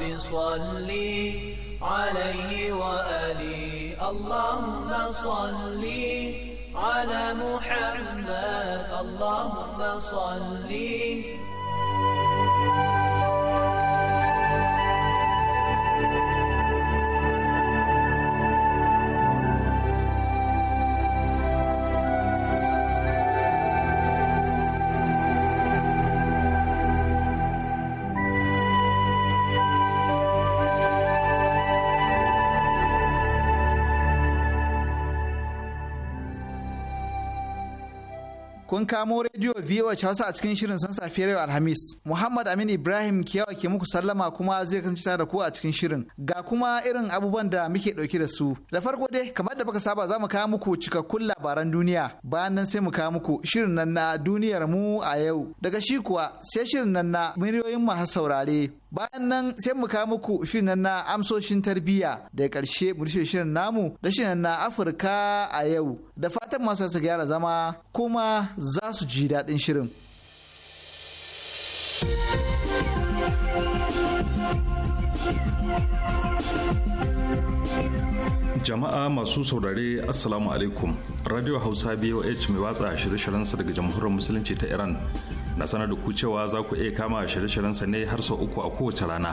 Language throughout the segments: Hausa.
رب صلي عليه وآله اللهم صلي على محمد اللهم صلي Kun kamo rediyo VOH Hausa a cikin shirin san safiyar yau Alhamis. Muhammad Amin Ibrahim yawa ke muku sallama kuma zai kasance da ku a cikin shirin. Ga kuma irin abubuwan da muke ɗauke da su. Da farko dai kamar da baka saba za mu kawo muku cikakkun labaran duniya. Bayan nan sai mu kawo muku shirin nan na duniyar mu a yau. Daga shi kuwa sai shirin nan na miliyoyin masu saurare. Bayan nan sai mu kawo muku shirin nan na amsoshin tarbiyya da karshe mu rufe shirin namu da shirin na Afirka a yau. Da fatan masu gyara zama kuma za su ji daɗin shirin. jama'a masu saurare assalamu alaikum radio hausa boh mai watsa shirye-shiryensa daga jamhuriyar musulunci ta iran na sanar da ku cewa za ku iya kama shirye-shiryensa ne har sau uku a kowace rana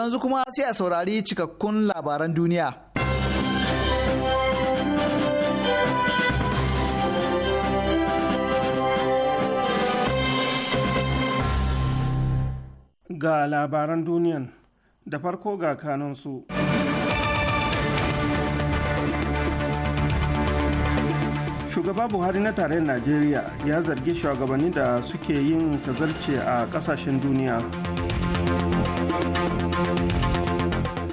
yanzu kuma sai a saurari cikakkun labaran duniya. Ga labaran duniyan da farko ga kanunsu. shugaba buhari na tarayyar najeriya ya zargi shugabanni da suke yin tazarce a kasashen duniya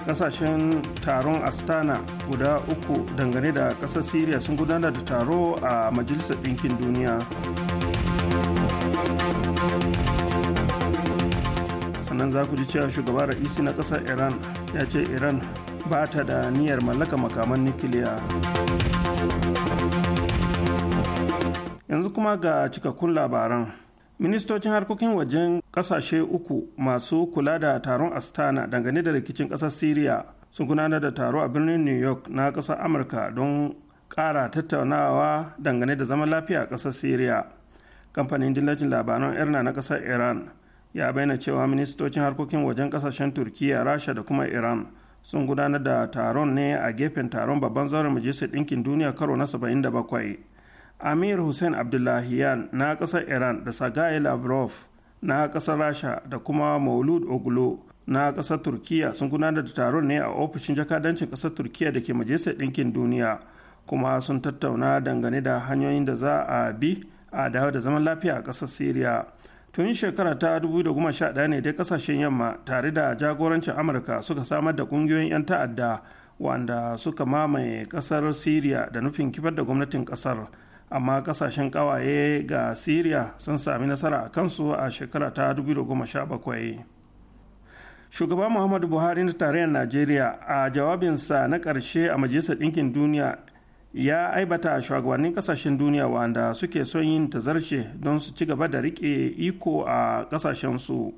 kasashen taron astana guda uku dangane da kasar syria sun gudanar da taro a majalisar ɗinkin duniya sannan za ku ji cewa shugaba ra'isi na ƙasar iran ya ce iran ba ta da niyyar mallaka makaman nukiliya yanzu kuma ga cikakkun labaran ministocin harkokin wajen kasashe uku masu kula da taron astana dangane da rikicin kasar syria sun gudanar da taro a birnin new york na kasar amurka don kara tattaunawa dangane da zaman lafiya a kasar syria kamfanin dillacin labaran irna na kasar iran ya bayyana cewa ministocin harkokin wajen kasashen turkiya rasha da kuma iran sun gudanar da taron ne a gefen taron babban zauren majalisar ɗinkin duniya karo na 77 amir hussein abdullahiyan na ƙasar iran da sagai lavrov na ƙasar rasha da kuma maulud oglo na ƙasar turkiya sun gudanar da taron ne a ofishin jakadancin ƙasar turkiya da ke majalisar ɗinkin duniya kuma sun tattauna dangane da hanyoyin da za a bi a dawo da zaman lafiya a ƙasar syria tun shekara ta 2011 ne dai kasashen yamma tare da jagorancin amurka suka samar da ƙungiyoyin 'yan ta'adda wanda suka mamaye kasar syria da nufin kifar da gwamnatin kasar. amma kasashen kawaye ga syria sun sami nasara a kansu a shekara ta 2017 shugaba muhammadu buhari na tarayyar najeriya a jawabinsa na karshe a majalisar ɗinkin duniya ya aibata shugabannin kasashen duniya wanda suke son yin tazarce don su ci gaba da riƙe iko a ƙasashensu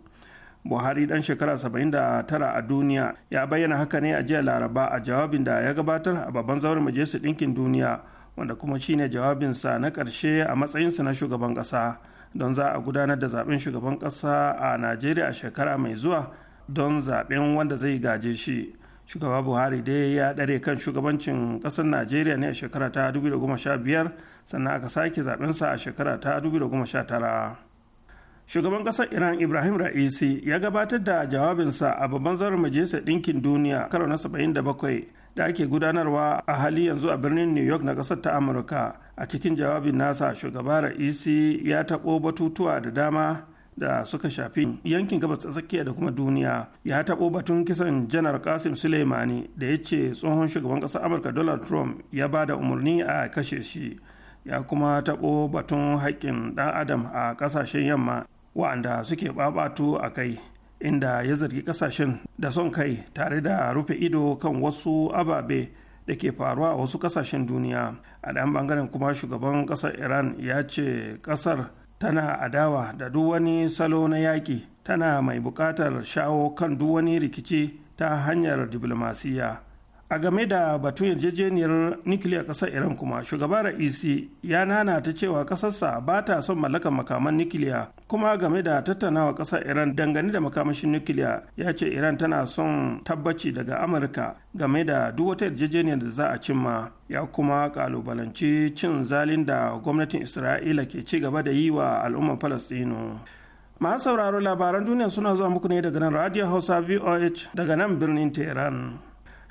buhari dan shekara 79 a duniya ya bayyana haka ne a jiya laraba a jawabin da ya gabatar a babban zauren majalisar ɗinkin duniya wanda kuma shine jawabinsa na ƙarshe a matsayinsa na shugaban ƙasa don za a gudanar da zaben shugaban ƙasa a najeriya a shekara mai zuwa don zaben wanda zai gaje shi shugaba buhari dai ya ɗare kan shugabancin ƙasar najeriya ne a shekara ta 2015 sannan aka sake zaɓensa a shekara ta 2019 shugaban ƙasar iran ibrahim ra'isi ya gabatar da jawabinsa a babban zarar majalisar ɗinkin duniya karo na 77 da ake gudanarwa a hali yanzu a birnin new york na ƙasar ta amurka a cikin jawabin nasa shugaba ra'isi ya taɓo batutuwa da dama da suka shafi yankin gabas tsakiya da kuma duniya ya taɓo batun kisan janar kasim suleimani da ya ce tsohon shugaban ƙasar amurka donald trump ya ba da umarni a kashe shi ya kuma taɓo batun haƙƙin ɗan adam a ƙasashen yamma wa'anda suke ɓaɓatu a kai inda ya zargi kasashen da son kai tare da rufe ido kan wasu ababe da ke faruwa a wasu kasashen duniya a ɗan bangaren kuma shugaban ƙasar iran ya ce ƙasar tana adawa da duk wani salo na yaƙi tana mai buƙatar shawo kan duk wani rikici ta hanyar diflomasiyya. a game da batun yarjejeniyar nukiliya kasar iran kuma shugaba ra'isi ya nana ta cewa kasarsa ba ta son mallakar makaman nukiliya kuma game da tattaunawa kasar iran dangane da makamashin nukiliya ya ce iran tana son tabbaci daga amurka game da duk wata yarjejeniyar da za a cimma ya kuma kalubalanci cin zalin da gwamnatin isra'ila ke ci gaba da yi wa al'ummar falastinu masu sauraro labaran duniya suna zuwa muku ne daga nan radio hausa voh daga nan birnin tehran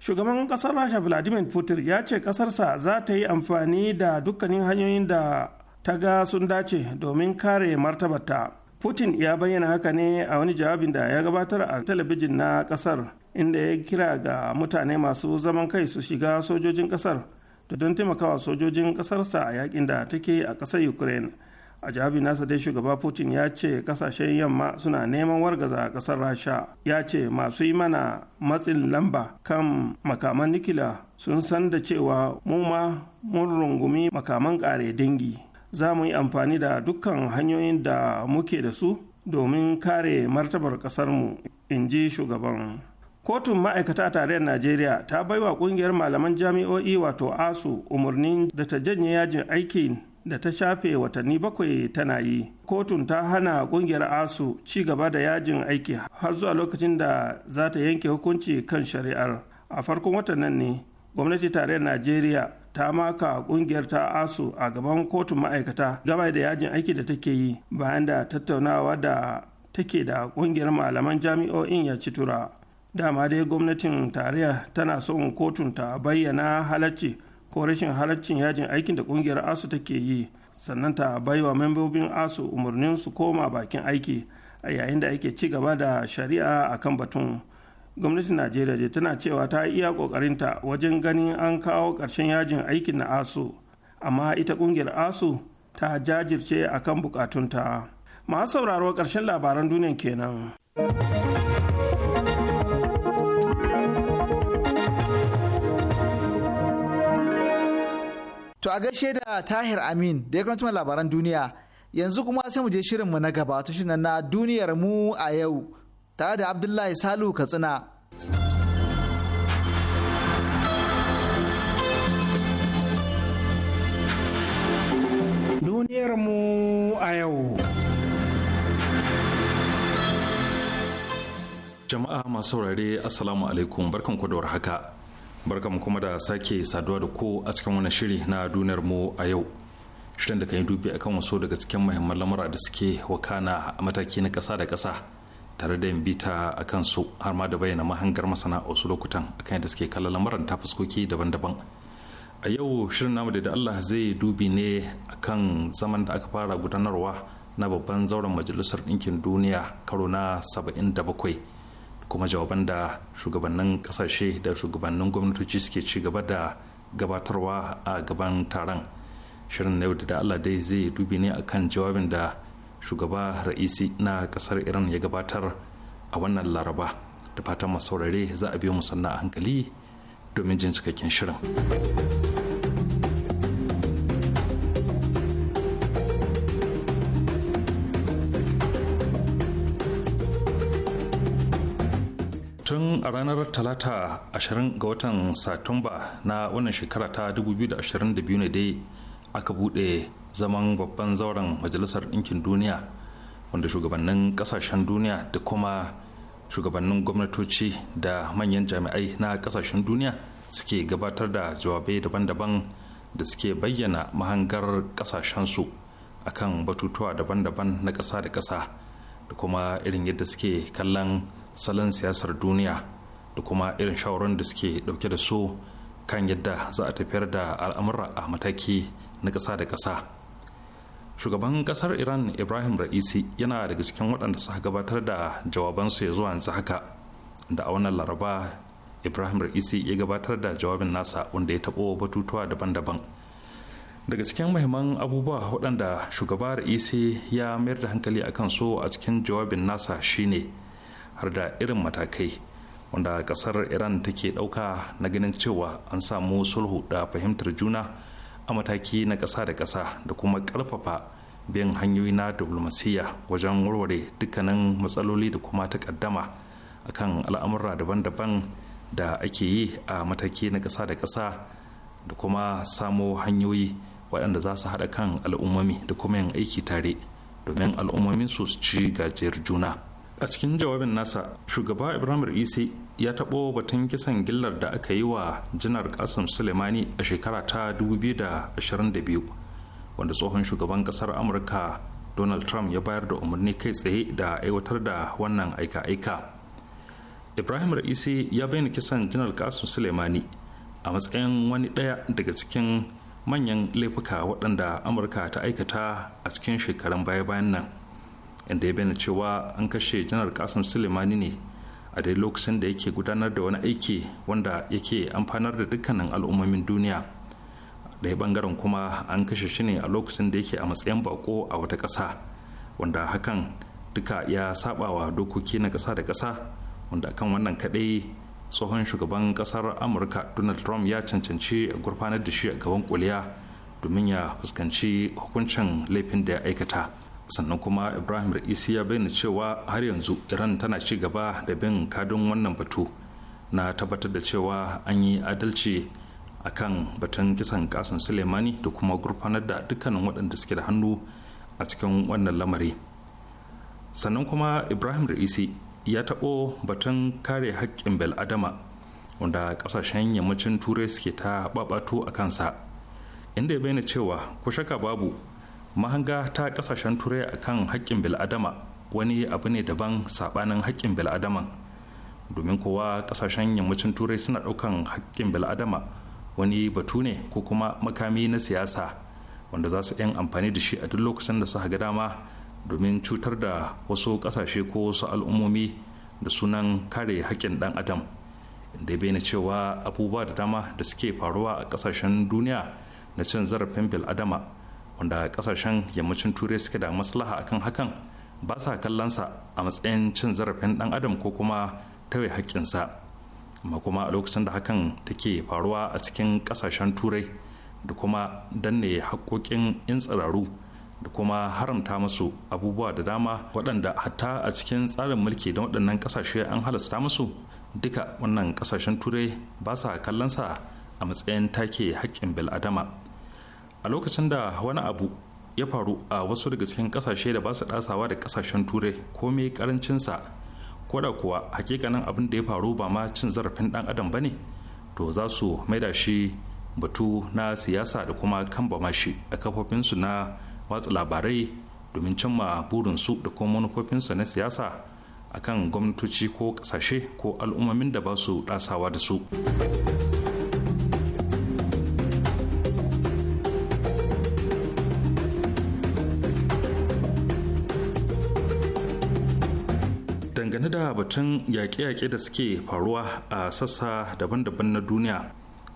shugaban kasar rasha vladimir putin ya ce kasarsa za ta yi amfani da dukkanin hanyoyin da ta ga sun dace domin kare martabata putin ya bayyana haka ne a wani jawabin da ya gabatar a talabijin na kasar inda ya kira ga mutane masu zaman kai su shiga sojojin kasar da don taimakawa sojojin kasarsa a yakin da take a kasar ukraine a jihabi nasa dai shugaba putin ya ce kasashen yamma suna neman wargaza kasar rasha ya ce masu yi mana matsin lamba kan makaman nikila sun san da cewa mu ma mun rungumi makaman kare dangi za mu yi amfani da dukkan hanyoyin da muke da su domin kare martabar kasarmu in ji shugaban kotun ma'aikata tarayyar najeriya ta baiwa kungiyar malaman jami'o'i wato asu umarnin da ta janye yajin aikin da ta shafe watanni bakwai tana yi kotun ta hana kungiyar asu ci gaba da yajin aiki har zuwa lokacin da za ta yanke hukunci kan shari'ar a farkon watan nan ne gwamnati tarayyar najeriya ta maka kungiyar ta asu a gaban kotun ma'aikata gama da yajin aiki da take yi bayan da tattaunawa da take da kungiyar malaman jami'o'in ya ci tura dama dai gwamnatin tarayya tana son kotun ta bayyana halacci ko rashin halaccin yajin aikin da kungiyar asu take yi sannan ta baiwa membobin asu umarnin su koma bakin aiki a yayin da ake ci gaba da shari'a a kan batun gwamnatin najeriya je tana cewa ta iya kokarinta wajen ganin an kawo ƙarshen yajin aikin na asu amma ita kungiyar asu ta jajirce akan bukatunta masu sauraro karshen labaran duniya kenan. To a gaishe da Tahir Amin da ya kuma labaran duniya yanzu kuma sai mu je shirin mu na gaba to shi na duniyar mu a yau tare da Abdullahi Salu Katsina. Duniyar mu a yau. Jama'a masu saurare Assalamu alaikum barkan da haka. mu kuma da sake saduwa da ko a cikin wani shiri na duniyar mu a yau shirin da kan yi dubi akan wasu daga cikin muhimman lamura da suke wakana a mataki na ƙasa da ƙasa tare da yin bita a kansu har ma da bayyana mahangar masana a wasu lokutan akan yadda suke kallon lamuran ta fuskoki daban-daban a yau shirin namu da Allah zai dubi ne akan zaman da aka fara gudanarwa na babban zauren majalisar ɗinkin duniya karo na 77 kuma jawaban da shugabannin kasashe da shugabannin gwamnatoci suke ci gaba da gabatarwa a gaban taron shirin na yau da allah dai zai dubi ne a kan jawabin da shugaba ra'isi na kasar iran ya gabatar a wannan laraba da fatan masaurare za a biyo musanna a hankali domin jin cikakken shirin. a ranar talata 20 ga watan satumba na wannan shekara ta 2022 ne dai aka bude zaman babban zauren majalisar ɗinkin duniya wanda shugabannin ƙasashen duniya da kuma shugabannin gwamnatoci da manyan jami'ai na ƙasashen duniya suke gabatar da jawabai daban-daban da suke bayyana mahangar ƙasashensu akan batutuwa daban-daban na ƙasa da ƙasa da kuma irin yadda suke kallon salon siyasar duniya da kuma irin shawarar da suke dauke da su kan yadda za a tafiyar da al'amura a mataki na ƙasa da ƙasa shugaban ƙasar iran ibrahim ra'isi yana daga cikin waɗanda suka gabatar da jawabansu ya zuwa yanzu haka da a wannan laraba ibrahim ra'isi ya gabatar da jawabin nasa wanda ya taɓo batutuwa daban-daban daga cikin mahimman abubuwa waɗanda shugaba ra'isi ya mayar da hankali a kan so a cikin jawabin nasa shine har da irin matakai wanda kasar iran take dauka na ganin cewa an samu sulhu da fahimtar juna a mataki na ƙasa da ƙasa da kuma ƙarfafa biyan hanyoyi na diplomasiyya wajen warware dukkanin matsaloli da kuma takaddama akan al'amura daban-daban da ake yi a mataki na ƙasa da ƙasa da kuma samo hanyoyi waɗanda za su haɗa kan al'ummomi da kuma yin aiki tare domin al'ummomin su ci gajiyar juna. a cikin jawabin nasa shugaba ibrahim isi ya taɓo batun kisan gillar da aka yi wa janar kasim sulemani a shekara ta 2022 wanda tsohon shugaban ƙasar amurka donald trump ya bayar da umarni kai tsaye da aiwatar da wannan aika-aika ibrahim isi ya bayyana kisan janar kasim sulemani a matsayin wani ɗaya daga cikin manyan laifuka waɗanda amurka ta aikata a cikin shekarun baya-bayan nan inda ya bayyana cewa an kashe janar kasim sulemani ne a dai lokacin da yake gudanar da wani aiki wanda yake amfanar da dukkanin al'ummomin duniya ɗaya bangaren kuma an kashe shi ne a lokacin da yake a matsayin bako a wata ƙasa wanda hakan duka ya sabawa dokoki na ƙasa da ƙasa wanda kan wannan kaɗai tsohon shugaban ƙasar amurka donald trump ya cancanci gurfanar da shi a gaban kuliya domin ya fuskanci hukuncin laifin da ya aikata sannan kuma ibrahim ra'isi ya bayyana cewa har yanzu iran tana ci gaba da bin kadin wannan batu na tabbatar da cewa an yi adalci a kan batun kisan kasan suleimani da kuma gurfanar da dukkanin waɗanda suke da hannu a cikin wannan lamari sannan kuma ibrahim ra'isi ya taɓo batun kare haƙƙin bel'adama wanda ƙasashen yammacin turai suke ta ɓaɓato a kansa inda ya bayyana cewa ko shaka babu mahanga ta kasashen turai akan haƙƙin bil'adama wani abu ne daban saɓanin haƙƙin bil'adaman domin kowa kasashen yammacin turai suna ɗaukan haƙƙin bil'adama wani batu ne ko kuma makami na siyasa wanda za su yan amfani da shi a duk lokacin da suka haga dama domin cutar da wasu ƙasashe ko wasu al'ummomi da sunan kare haƙƙin ɗan adam da bayyana cewa abubuwa da dama da suke faruwa a ƙasashen duniya na cin zarafin bil'adama wanda kasashen yammacin turai suke da maslaha akan hakan ba sa kallonsa a matsayin cin zarafin dan adam ko kuma tauye haƙƙinsa amma kuma a lokacin da hakan take faruwa a cikin kasashen turai da kuma danne haƙƙoƙin in tsiraru da kuma haramta musu abubuwa da dama waɗanda hatta a cikin tsarin mulki da waɗannan kasashe an halasta musu duka wannan kasashen turai ba sa kallonsa a matsayin take haƙƙin bil'adama a lokacin da wani abu ya faru a wasu daga cikin kasashe da ba su dasawa da kasashen turai komai karancinsa ko da kuwa hakikanin abin da ya faru ba ma cin zarafin dan adam ba ne to za su maida shi batu na siyasa da kuma kambama shi a kafofin su na watsa labarai domin cimma su da kuma manufofin su na siyasa akan gwamnatoci ko kasashe ko al'ummomin da ba su dasawa da su. batun yaƙe-yaƙe da suke faruwa a sassa daban-daban na duniya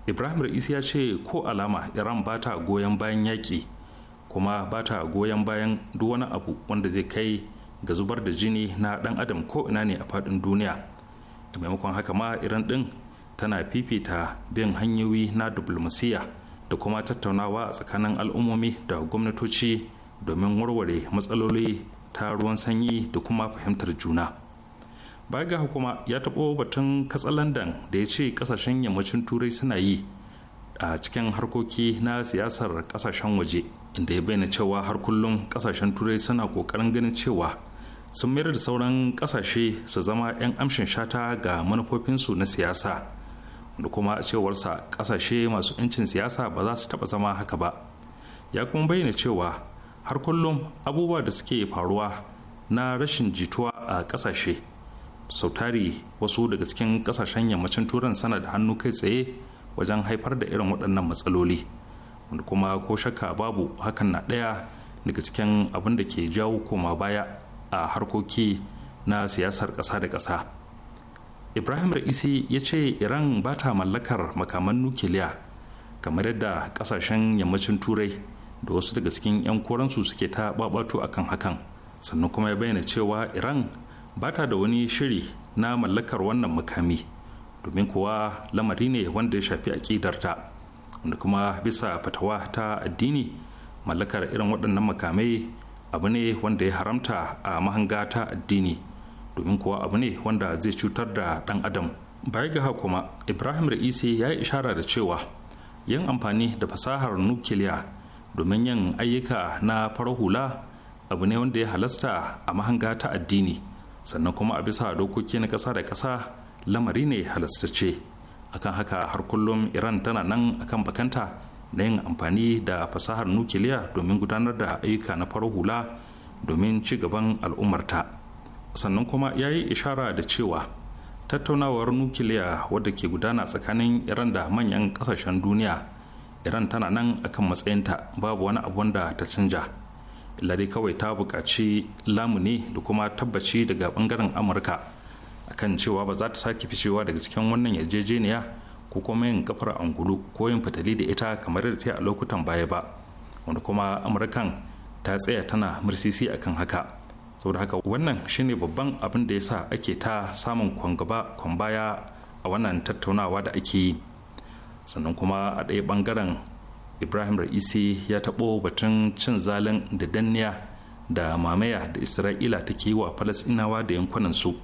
ibrahim Ra'isi ya ce ko alama iran ba ta goyon bayan yaƙi kuma ba ta goyon bayan duk wani abu wanda zai kai ga zubar da jini na ɗan adam ko ina ne a faɗin duniya da maimakon haka ma iran ɗin tana fifita bin hanyoyi na diplomasiya da kuma tattaunawa a tsakanin al'ummomi da gwamnatoci domin warware matsaloli ta ruwan sanyi da kuma fahimtar juna. baya ga hukuma ya taɓo batun katsalandan da ya ce ƙasashen yammacin turai suna yi a cikin harkoki na siyasar ƙasashen waje inda ya bayyana cewa har kullum ƙasashen turai suna ƙoƙarin ganin cewa sun mayar da sauran ƙasashe su zama 'yan amshin shata ga manufofinsu na siyasa da kuma cewarsa ƙasashe masu 'yancin siyasa ba za su taɓa zama haka ba ya kuma bayyana cewa har kullum abubuwa da suke faruwa na rashin jituwa a ƙasashe. sautari wasu daga cikin kasashen yammacin turan sana da hannu kai tsaye wajen haifar da irin waɗannan matsaloli wanda kuma ko shakka babu hakan na ɗaya daga cikin abin da ke jawo koma baya a harkoki na siyasar ƙasa da ƙasa ibrahim ra'isi ya ce iran ba ta mallakar makaman nukiliya kamar yadda ƙasashen yammacin turai da wasu daga cikin 'yan koransu suke ta babato akan hakan sannan kuma ya bayyana cewa iran ba ta da wani shiri na mallakar wannan makami domin kuwa lamari ne wanda ya shafi aƙidarta wanda kuma bisa fatawa ta addini mallakar irin waɗannan makamai abu ne wanda ya haramta a mahanga ta addini domin kuwa abu ne wanda zai cutar da ɗan adam baya ga kuma ibrahim ra'isi ya yi ishara da cewa yin amfani da fasahar nukiliya domin yin ayyuka na farar hula abu ne wanda ya halasta a mahanga ta addini sannan kuma a bisa dokoki na ƙasa da ƙasa lamari ne halastace akan haka har kullum iran tana nan akan bakanta na yin amfani da fasahar nukiliya domin gudanar da ayyuka na farar hula domin ci gaban al'ummarta sannan kuma ya yi ishara da cewa tattaunawar nukiliya wadda ke gudana tsakanin iran da manyan kasashen duniya iran tana nan akan matsayinta babu wani abu da ta canja lare kawai ta buƙaci lamuni da kuma tabbaci daga ɓangaren amurka akan cewa ba za ta sake ficewa daga cikin wannan yarjejeniya ko kuma yin kafar angulu ko yin fitali da ita kamar da ta yi a lokutan baya ba wanda kuma amurkan ta tsaya tana mursisi akan haka saboda haka wannan shine babban abin da ya sa ake ta samun kwangaba kwambaya a wannan tattaunawa da ake yi sannan kuma a ɗaya bangaren ibrahim ra'isi ya taɓo batun cin zalin da danniya da mamaya da isra'ila take yi wa falasinawa da yankunan su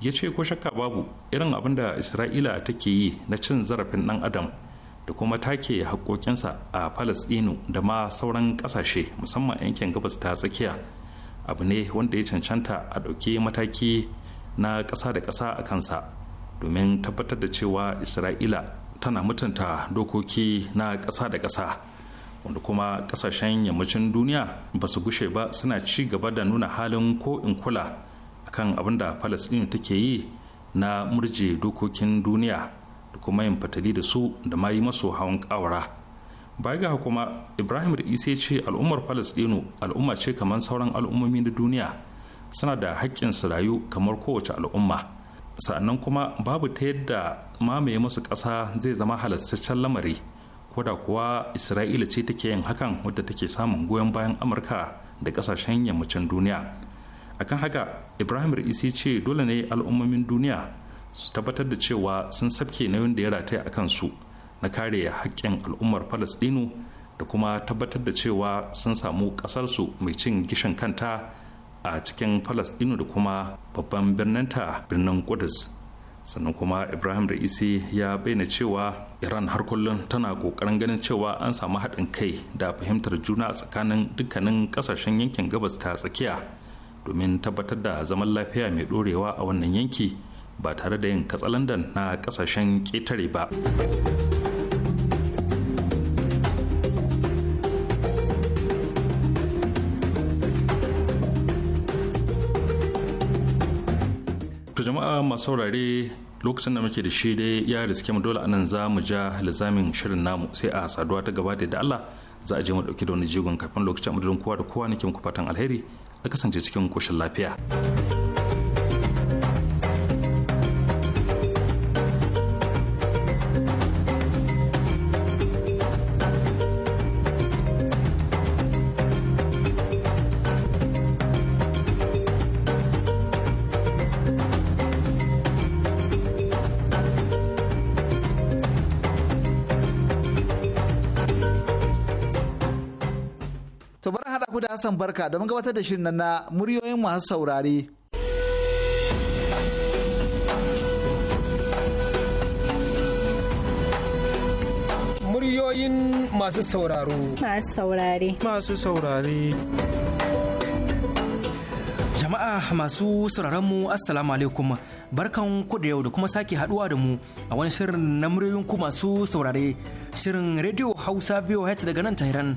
ya ce ko shakka babu irin abin da isra'ila ta ke yi na cin zarafin ɗan adam da kuma take haƙoƙinsa a Falasinu da ma sauran ƙasashe musamman yankin gabas ta tsakiya abu ne wanda ya cancanta a ɗauki mataki na ƙasa da ƙasa a kansa domin tabbatar da cewa isra'ila tana mutunta dokoki na ƙasa da ƙasa wanda kuma ƙasashen yammacin duniya ba su gushe ba suna ci gaba da nuna halin ko in kula kan abin da palestine take yi na murje dokokin duniya da kuma yin fatali da su da ma yi masu hawan ƙawara baya ga kuma ibrahim da isa ce al'ummar Falasɗinu al'umma ce kamar sauran al'ummomi na duniya suna da haƙƙin su rayu kamar kowace al'umma sannan kuma babu ta yadda mamaye musu ƙasa zai zama halastaccen lamari koda kuwa isra'ila ce take yin hakan wadda take samun goyon bayan amurka da ƙasashen yammacin duniya akan haka ibrahim isi ce dole ne al'ummomin duniya su tabbatar da cewa sun sabke nauyin da ya rataya a kansu na kare haƙƙin al'ummar falastinu da kuma tabbatar da cewa sun samu ƙasarsu mai cin gishin kanta a cikin palestino da kuma babban birninta birnin kudus sannan kuma ibrahim da isi ya bayyana cewa iran har kullum tana kokarin ganin cewa an samu haɗin kai da fahimtar juna a tsakanin dukkanin ƙasashen yankin gabas ta tsakiya domin tabbatar da zaman lafiya mai ɗorewa a wannan yanki ba tare da yin katsalandan na ƙasashen ƙetare ba. masu saurare lokacin da muke da shi dai ya riske mu dole anan za mu ja lizamin shirin namu sai a saduwa ta gaba da Allah za a je mu dauki da wani jigon kafin lokacin madadin kowa da kowa nake muku fatan alheri a kasance cikin koshin lafiya. ku da Hassan Barka da gabatar da shirin na muryoyin masu saurare. Muryoyin masu sauraro. Masu saurare. Masu saurare. Jama'a masu sauraron mu Assalamu alaikum barkan ku da yau da kuma sake haduwa da mu a wani shirin na muryoyin ku masu saurare shirin Radio Hausa biyu daga nan Tehran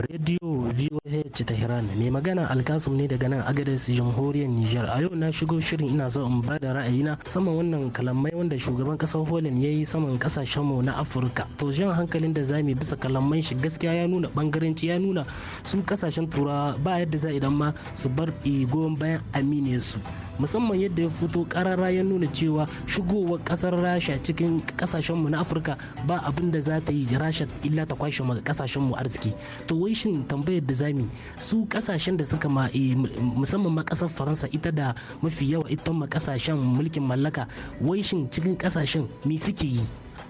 Radio VOH Tehran mai magana Alkasum ne daga nan Agadez Jamhuriyar Nijar. A yau na shigo shirin ina so in ba da ra'ayina saman wannan kalamai wanda shugaban kasar Holland ya yi saman kasashen mu na Afirka. To jan hankalin da zamu bisa kalamai shi gaskiya ya nuna bangaranci ya nuna su kasashen turawa ba yadda za idan ma su bar igon bayan amine su. musamman yadda ya fito karara ya nuna cewa shigowar kasar rasha cikin kasashen na afirka ba abin da za ta yi rasha illa ta kwashe mu kasashen mu arziki to wai shin tambayar da zami su ƙasashen da suka ma eh, musamman ma kasar faransa ita da mafi yawa ita ma kasashen mulkin mallaka wai shin cikin kasashen me suke yi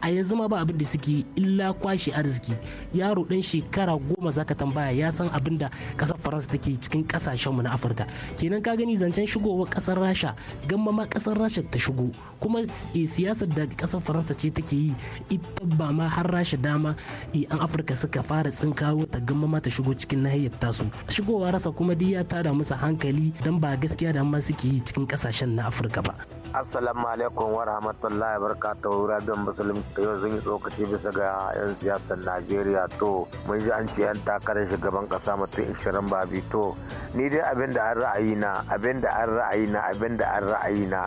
a yanzu ma ba abin da suke illa kwashe arziki yaro dan shekara goma zaka tambaya ya san abin da kasar faransa take cikin kasashenmu na afirka kenan ka gani zancen shigowar kasar rasha gamma ma kasar rasha ta shigo kuma eh, siyasar da kasar faransa ce take yi ita ba ma har rasha dama eh, an afirka suka fara tsinkawo ta gamma ma ta shigo cikin nahiyar tasu shigowa rasa kuma duk ya tada musu hankali dan ba gaskiya da amma suke yi cikin kasashen na afirka ba assalamu alaikum wa rahmatullahi barakatuhu radiyon musulun yau zan yi tsokaci bisa ga yan siyasar najeriya to mun ji an ce yan takarar shugaban kasa mutum ishirin ba to ni dai abin da an ra'ayi na abin da an ra'ayi na abin da an ra'ayi na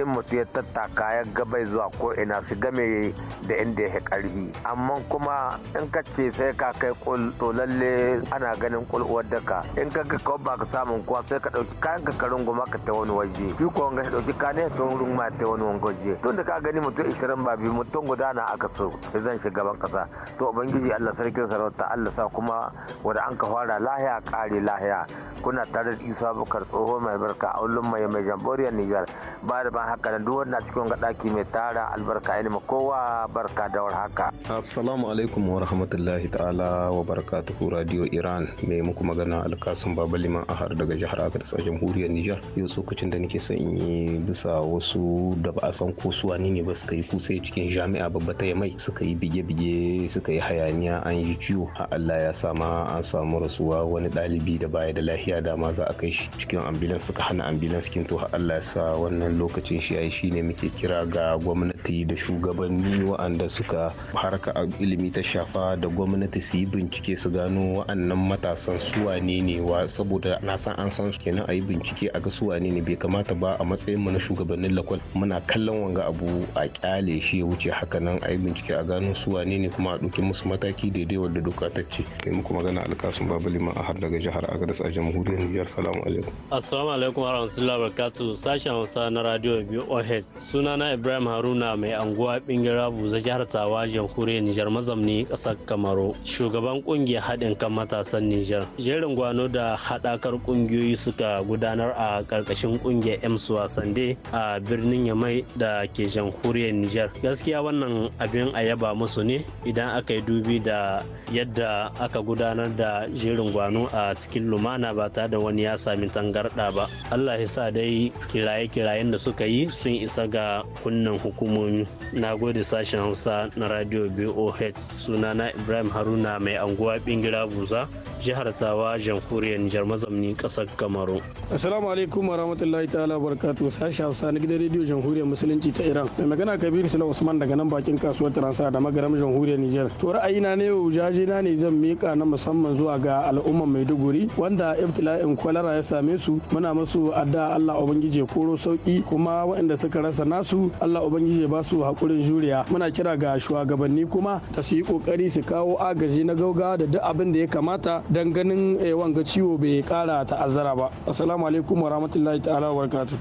in mutum ya tattaka ya gabai zuwa ko ina su game da inda ya karfi amma kuma in ka ce sai ka kai kul to lalle ana ganin kul daka in ka ga kawai ka samun kuwa sai ka ɗauki kayan ka karin goma ka ta wani waje shi ko ga ne to don ma ta wani wangoje tun da ka gani mutum ishirin ba biyu mutum guda na aka so ya zan shugaban kasa to ubangiji allah sarkin sarauta allah sa kuma wadda an ka fara lahiya kare lahiya kuna tare da isa bukar tsoho mai barka a ulun mai mai jamboriyar nijar ba da ban haka na duk na cikin ga ki mai tara albarka ma kowa barka da war haka assalamu alaikum wa rahmatullahi ta'ala wa barakatuhu radio iran mai muku magana alkasun babaliman a ahar daga jihar agadis jamhuriyar nijar yau tsokacin da nake son yi bisa wasu da ba a san ko su wani ne ba suka yi kutse cikin jami'a babba ta mai suka yi bige-bige suka yi hayaniya an yi ciwo a Allah ya sama an samu rasuwa wani dalibi da baya da da dama za a kai shi cikin ambulance suka hana ambulance kin to Allah ya sa wannan lokacin shi yayi shine muke kira ga gwamnati da shugabanni wa'anda suka harka ilimi ta shafa da gwamnati su yi bincike su gano wa'annan matasan su wane ne wa saboda na san an san su kenan a yi bincike a ga su wane ne bai kamata ba a matsayin mu na shugabanni ɗin muna kallon wanga abu a kyale shi ya wuce haka nan a yi bincike a gano su wane ne kuma a ɗauki musu mataki daidai wadda doka ta ce kai muku magana alkasun babali ma a har daga jihar agadas a jamhuriyar niger salamu alaikum assalamu alaikum wa rahmatullahi wa barakatuh sashen hausa na radio boh sunana ibrahim haruna mai anguwa bingira buza jihar tawa jamhuriyar nijar mazamni kasar kamaru shugaban ƙungiyar haɗin kan matasan nijar jerin gwano da haɗakar ƙungiyoyi suka gudanar a ƙarƙashin ƙungiyar emsu wasande a a birnin Yamai da ke jamhuriyar Nijar. Gaskiya wannan abin a yaba musu ne idan aka yi dubi da yadda aka gudanar da jerin gwano a cikin lumana ba tare da wani ya sami tangarɗa ba. Allah ya sa dai kiraye-kirayen da suka yi sun isa ga kunnen hukumomi. Na gode sashen Hausa na Radio BOH sunana Ibrahim Haruna mai anguwa Bingira Buza jihar Tawa jamhuriyar Nijar mazamni ƙasar Kamaru. Assalamu alaikum warahmatullahi ta'ala barkatu sashen Hausa na gidan rediyo jamhuriyar musulunci ta iran mai magana kabiru sula usman daga nan bakin kasuwar taransa da magaram jamhuriyar nijar to na ne yau na ne zan miƙa na musamman zuwa ga al'ummar maiduguri wanda iftila'in kwalara ya same su muna musu adda allah ubangiji ya koro sauki kuma waɗanda suka rasa nasu allah ubangiji ya ba su haƙurin juriya muna kira ga shugabanni kuma da su yi ƙoƙari su kawo agaji na gauga da duk abin da ya kamata don ganin eh, wanga ciwo bai ƙara ta'azzara ba assalamu alaikum wa rahmatullahi ta'ala wa barakatuh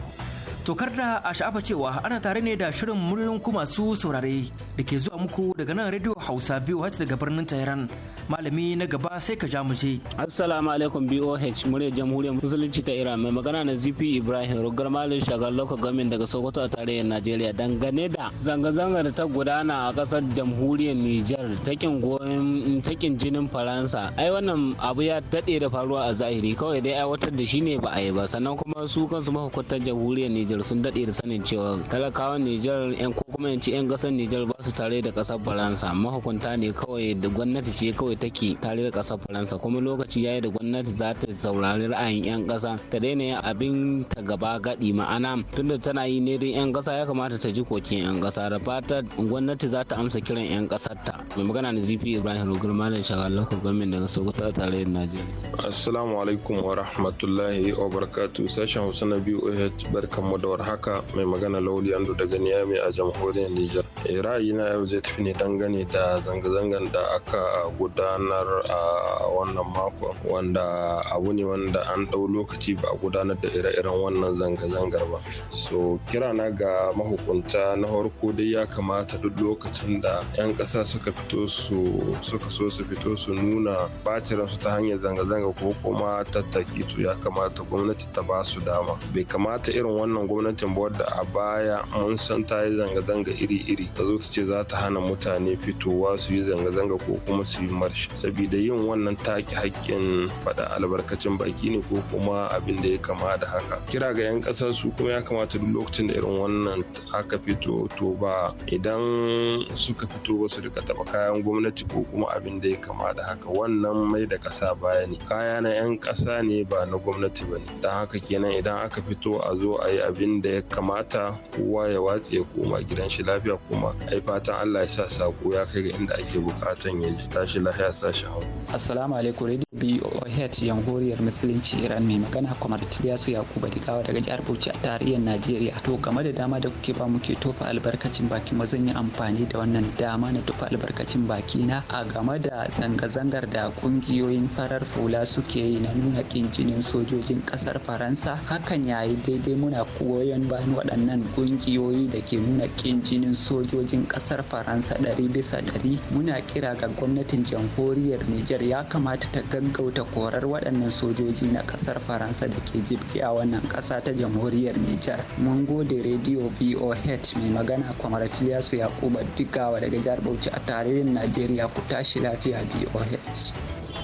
Tokar da a sha'afa cewa ana tare ne da shirin muryoyin ku masu saurare da ke zuwa muku daga nan Radio Hausa biyu VOH daga birnin Tehran. Malami na gaba sai ka ja mu je. Assalamu alaikum BOH muryar Jamhuriyar Musulunci ta Iran mai magana na ZP Ibrahim Rugar Malin Shagar Local Government daga Sokoto a tarayyar Najeriya dangane da zanga-zanga da ta gudana a kasar Jamhuriyar Nijar takin goyon takin jinin Faransa. Ai wannan abu ya daɗe da faruwa a zahiri kawai dai aiwatar da shi ne ba a yi ba sannan kuma su kansu kwatanta Jamhuriyar Nijar Niger sun daɗe da sanin cewa talakawan Niger 'yan ko kuma yanci 'yan ƙasar Niger ba su tare da ƙasar Faransa mahukunta ne kawai da gwamnati ce kawai take tare da ƙasar Faransa kuma lokaci yayi da gwamnati za ta saurari ra'ayin 'yan ƙasa ta daina yin abin ta gaba gadi ma'ana tunda tana yi ne don 'yan ƙasa ya kamata ta ji kokin 'yan ƙasa da fata gwamnati za ta amsa kiran 'yan ƙasar ta mai magana da zifi Ibrahim Rugur Malam Shagalakar Gwamnati daga Sokoto tare da Najeriya. Assalamu alaikum wa rahmatullahi wa barakatuh sashen Hausa na BOH barkanmu da haka mai magana Lauli Ando daga niyami a jamhuriyar eh, ra'ayi na yau zai tafi ne dangane da zanga-zangan da aka gudanar a wannan makon wanda abu ne wanda an ɗau lokaci ba a gudanar da ire-iren wannan zanga-zangar ba. So kira na ga mahukunta na farko dai ya kamata duk lokacin da 'yan ƙasa suka fito su suka so su fito su nuna ɓacin su ta hanyar zanga-zanga ko kuma tattaki to ya kamata gwamnati ta ba su dama. Bai kamata irin wannan gwamnatin wadda a baya mun san ta yi zanga-zanga iri-iri ta zo su ce za ta hana mutane fitowa su yi zanga-zanga ko kuma su yi marsh saboda yin wannan take hakkin faɗa albarkacin baki ne ko kuma abin da ya kama da haka kira ga 'yan ƙasa su kuma ya kamata duk lokacin da irin wannan aka fito to ba idan suka fito ba su rika taɓa kayan gwamnati ko kuma abin da ya kama da haka wannan mai da ƙasa baya ne kaya na 'yan ƙasa ne ba na gwamnati ba ne don haka kenan idan aka fito a zo a yi abin abin da ya kamata kowa ya watse ya koma gidan shi lafiya kuma ai fatan Allah ya sa sako ya kai ga inda ake bukatan ya ji, tashi lafiya sa shi hau. Assalamu alaikum Radio BOH yanhuriyar Musulunci Iran mai magana Kwamar Tiliyasu Yakuba Digawa daga jihar Bauchi a tarayyar Najeriya. To game da dama da kuke ba muke tofa albarkacin baki mu zan yi amfani da wannan dama na tofa albarkacin baki na a game da zanga-zangar da kungiyoyin farar fula suke yi na nuna kinjinin sojojin kasar Faransa hakan yayi daidai muna kowa goyon bayan waɗannan ƙungiyoyi da ke nuna ƙin jinin sojojin ƙasar faransa ɗari bisa ɗari muna kira ga gwamnatin jamhuriyar nijar ya kamata ta gaggauta korar waɗannan sojoji na ƙasar faransa da ke jibge a wannan ƙasa ta jamhuriyar nijar. mun gode rediyo voh mai magana kwamar tiliyasu yakuba digawa daga jihar bauchi a tarihin najeriya ku tashi lafiya voh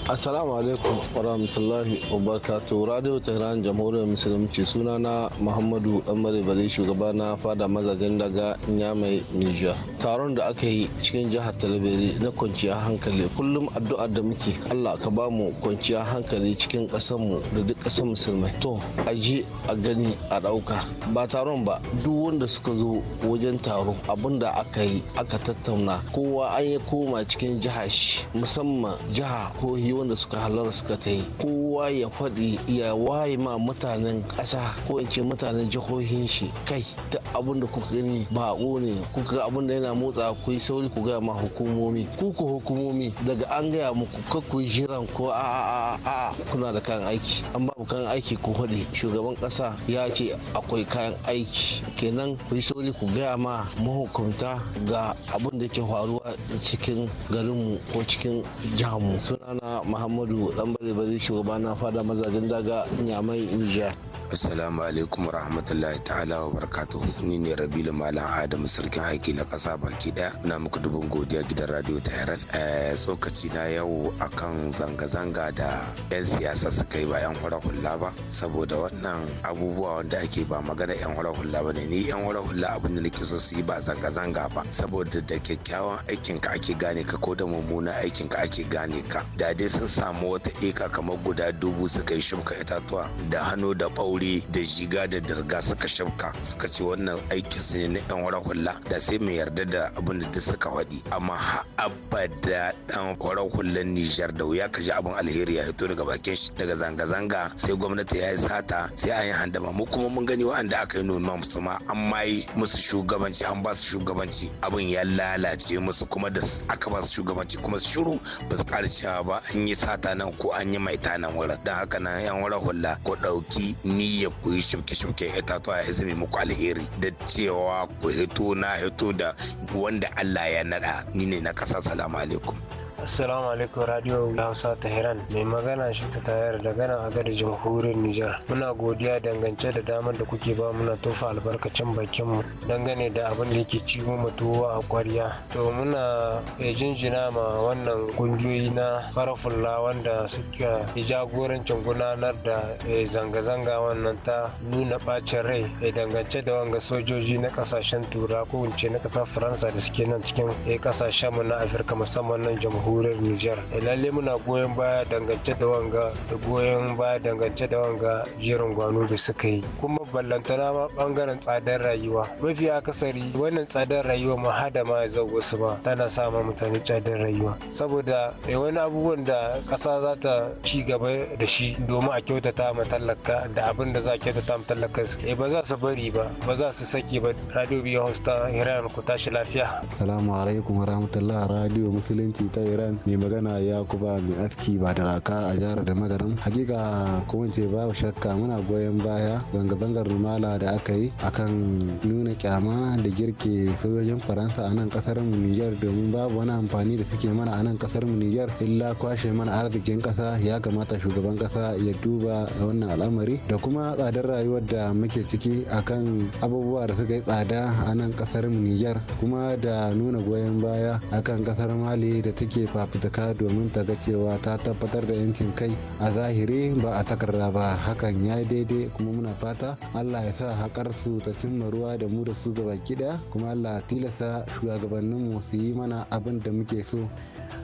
Assalamu alaikum wa wabarakatuh Radio Tehran Jamhuriyar Musulunci sunana Muhammadu abdu dan maribari shugaba na fada mazajen daga nyamai niger taron da aka yi cikin jihar talabiri na kwanciyar hankali kullum addu'a da muke allah ka ba mu kwanciyar hankali cikin mu da duk ƙasar musulmai to a je a gani a ɗauka ba taron ba duk wanda suka zo wajen taro abin da aka yi aka tattauna kowa an yi koma cikin jihar shi musamman jiha ko wanda suka halara suka ta yi kowa ya faɗi ya waye ma mutanen ƙasa ko in ce mutanen jiha jihohin shi kai duk abin da kuka gani ba ne kuka ga abin da yana motsa ku yi sauri ku gaya ma hukumomi ku ku hukumomi daga an gaya muku ka ku jiran ko a a a kuna da kayan aiki an babu kayan aiki ku haɗe shugaban ƙasa ya ce akwai kayan aiki kenan ku yi sauri ku gaya ma mahukunta ga abin da ke faruwa cikin garinmu ko cikin jihanmu sunana muhammadu dan bare bare shugaba na fada mazajin daga nyamai nijar assalamu alaikum rahmatullahi rahmatullahi ta'ala wa barakatuhu ni ne rabi malam adamu sarkin haiki na kasa baki daya muna muku dubin godiya gidan radio ta heran eh, tsokaci na yau akan zanga-zanga da 'yan siyasa suka yi ba 'yan hura hula ba saboda wannan abubuwa wanda ake ba magana 'yan hura hula ba ne ni 'yan hura hula abin da nake so su yi ba zanga-zanga ba saboda da kyakkyawan aikin ka ake gane ka ko da mummunan aikin ka ake gane ka da dai sun samu wata eka kamar guda dubu suka yi shimka itatuwa da hannu da ɓauri da jiga da dirga da suka shauka suka ce wannan aikin su ne na yan wara da sai mai yarda da abin da duk suka faɗi amma ha abada dan wara hulan Nijar da wuya ka abin alheri ya hito daga bakin shi daga zanga-zanga sai gwamnati ya yi sata sai an yi handama mu kuma mun gani wa'anda aka yi noma musu ma an ma yi musu shugabanci an ba su shugabanci abin ya lalace musu kuma da aka ba su shugabanci kuma su shiru ba su ƙara cewa ba an yi sata nan ko an yi mai tanan wurin dan haka nan yan wara ko ɗauki niyyar ku yi shimke-shimke itatuwa ya zame muku alheri da cewa ku hito na hito da wanda Allah ya nada ni ne na kasa salamu alaikum Assalamu alaikum Radio Hausa Tehran mai magana shi ta tayar da gana a gada jamhuriyar Nijar. Muna godiya dangance da damar da kuke ba muna tofa albarkacin bakin mu dangane da abin da yake ci mu tuwa a kwariya. To muna eh, jinjina ma wannan kungiyoyi na farafulla wanda suka yi jagorancin gudanar da eh, zanga-zanga wannan ta nuna bacin rai eh, dangance da wanga sojoji na kasashen tura ko na kasar Faransa da suke nan cikin kasashen mu na Afirka musamman nan jamhuriyar jamhuriyar Nijar. Eh, lalle muna goyon baya dangance da wanga da goyon baya dangance da wanga jirin gwano da suka yi. Kuma ballantana ma bangaren tsadar rayuwa. Mafi akasari wannan tsadar rayuwa ma hada ma ya wasu ba tana ma mutane tsadar rayuwa. Saboda eh, wani abubuwan da ƙasa za ta ci gaba da shi domin a kyautata ma tallaka da abin da za a kyautata ma tallaka su. Eh, ba za su bari ba ba za su sake ba radio biyu hosta hiran ku tashi lafiya. Salamu alaikum wa rahmatullah radio musulunci ta iran mai magana ya kuba mai aski ba da raka a jihar da magaran hakika kuma ce babu shakka muna goyon baya zanga-zangar rumala da aka yi akan nuna kyama da girke sojojin faransa a nan kasar mu niger domin babu wani amfani da suke mana a nan kasar mu niger illa kwashe mana arzikin kasa ya kamata shugaban kasa ya duba wannan al'amari da kuma tsadar rayuwar da muke ciki akan abubuwa da suka yi tsada a nan kasar mu niger kuma da nuna goyon baya akan kasar mali da take fafutuka domin ta ga cewa ta tabbatar da 'yancin kai a zahiri ba a takarda ba hakan ya yi daidai kuma muna fata allah ya sa haƙar su ta cimma ruwa da mu da su gaba ɗaya kuma allah tilasta shugabanninmu su yi mana abin da muke so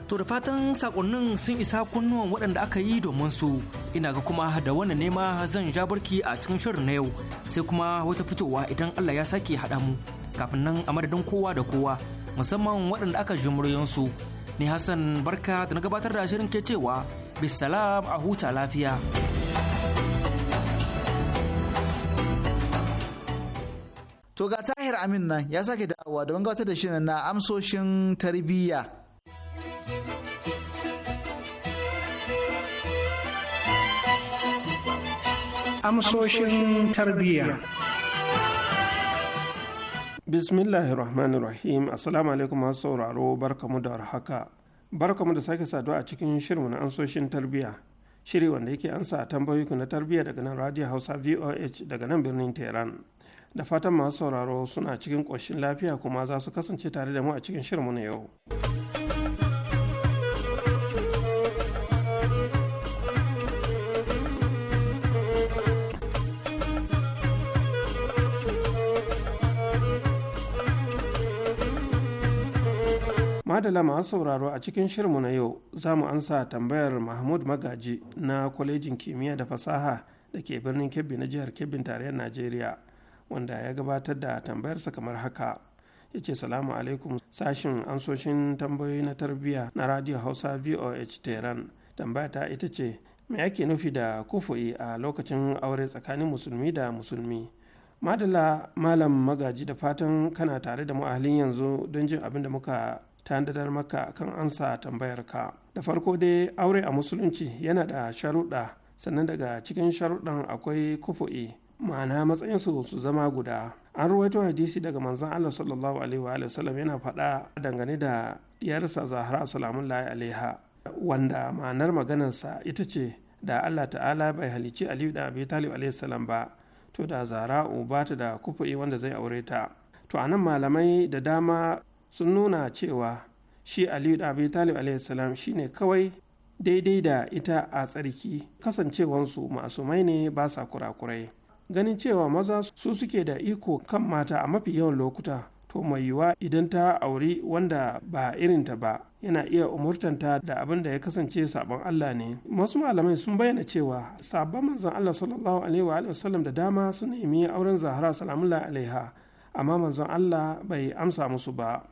To da fatan sakonnin sun isa kunnuwan waɗanda aka yi domin su ina ga kuma da wannan nema zan ja barki a cikin shirin na yau sai kuma wata fitowa idan Allah ya sake haɗa mu kafin nan a madadin kowa da kowa musamman waɗanda aka ji muryansu Ni Hassan barka da na gabatar da shirin ke cewa bisalam a huta lafiya. To ga Tahir Amin nan ya sake awa don gabatar da shirin na amsoshin tarbiyya. Amsoshin tarbiyya. bismillahirrahmanirrahim assalamu alaikum masu sauraro barkamu da warhaka barkamu da sake saduwa a cikin shirin na ansoshin tarbiyya shiri wanda yake ansa a tambayoyi na tarbiyya daga nan radio hausa voh daga nan birnin tehran da fatan masu sauraro suna cikin ƙoshin lafiya kuma za su kasance tare da mu a cikin shirin na yau madala masu sauraro a cikin shirmu na yau za mu ansa tambayar mahmud magaji na kwalejin kimiyya da fasaha da ke birnin kebbi na jihar kebbin tarayyar najeriya wanda ya gabatar da tambayarsa kamar haka ya ce salamu alaikum sashin ansoshin tambayoyi na tarbiyya na radio hausa voh tehran tambaya ta ita ce me ake nufi da kufu'i a lokacin aure tsakanin musulmi da musulmi madala malam magaji da fatan kana tare da mu a halin yanzu don jin abin da muka tanadar maka kan ansa tambayarka da farko dai aure a musulunci yana da sharuɗa sannan daga cikin sharuɗan akwai kufu'i ma'ana matsayinsu su zama guda an ruwaito hadisi daga manzan Allah sallallahu alaihi wa sallam yana faɗa dangane da diyarsa Zahra salamun lahi alaiha wanda ma'anar maganarsa ita ce da Allah ta'ala bai halici Aliyu da Abi Talib alaihi salam ba to da Zahra'u ba ta da kufu'i wanda zai aure ta to anan malamai da dama sun nuna cewa shi aliyu da abi talib salam shine kawai daidai da ita a tsarki kasancewansu mai ne ba sa kurakurai ganin cewa maza su suke da iko kan mata a mafi yawan lokuta to mai yiwuwa idan ta auri wanda ba irinta ba yana iya umurtanta da abin da ya kasance sabon Allah ne masu malamai sun bayyana cewa sabon manzon Allah sallallahu alaihi wa wasallam da dama sun nemi auren Zahra salamullahi alaiha amma manzon Allah bai amsa musu ba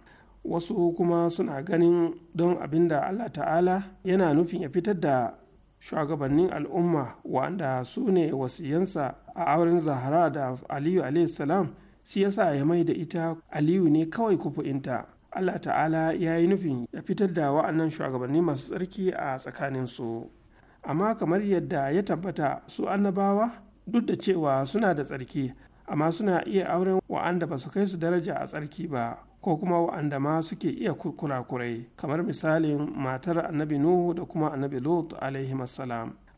wasu kuma suna ganin don abin da allah ta'ala yana nufin ya fitar da shugabannin al'umma wanda su ne wasiyansa a auren zahara da aliyu salam shi yasa ya mai da ita aliyu ne kawai inta allah ta'ala ya yi nufin ya fitar da wa'annan shugabanni masu tsarki a tsakaninsu amma kamar yadda ya tabbata su annabawa duk da cewa suna da tsarki amma suna iya auren wa'anda ba su kai su daraja a tsarki ba ko kuma wa'anda ma suke iya kurakurai kamar misalin matar annabi nuhu da kuma annabi lut alaihi